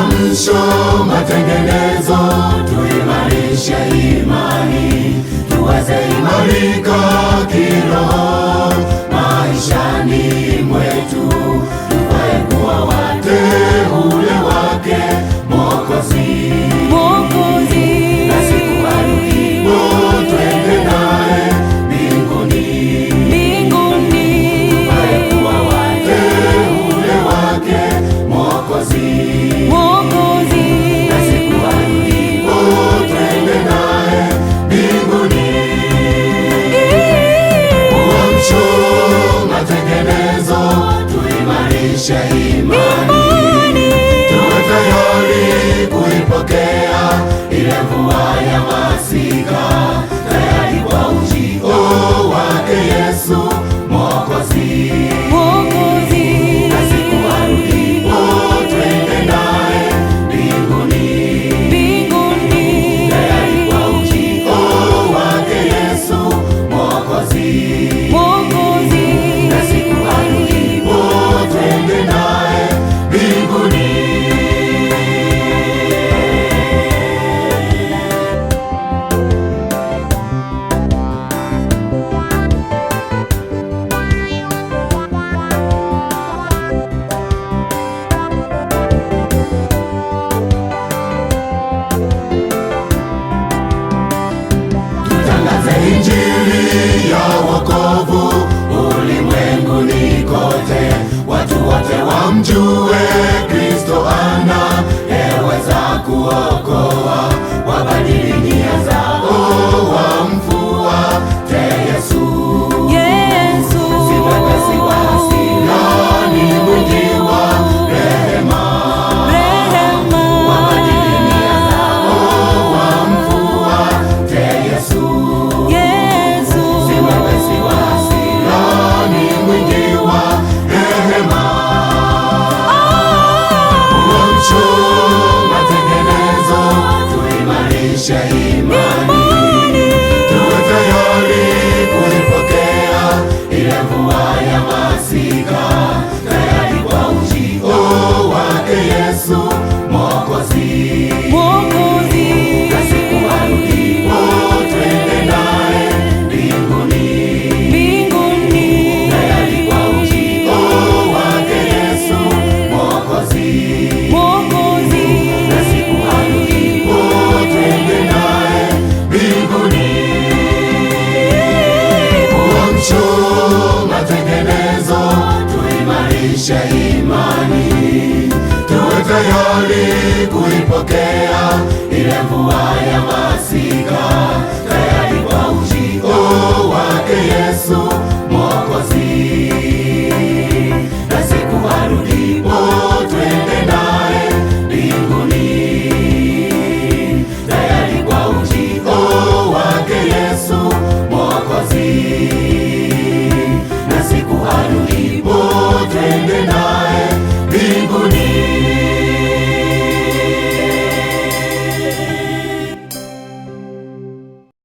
Amsho matengenezo, tuimarishe imani, tuweze imarika kiroho maishani mwetu, tuwe kuwa wateule wake Mwokozi tayari kuipokea ile mvua ya masika.